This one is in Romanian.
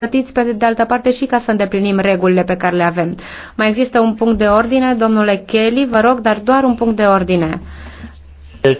pregătiți pe de altă parte și ca să îndeplinim regulile pe care le avem. Mai există un punct de ordine, domnule Kelly, vă rog, dar doar un punct de ordine.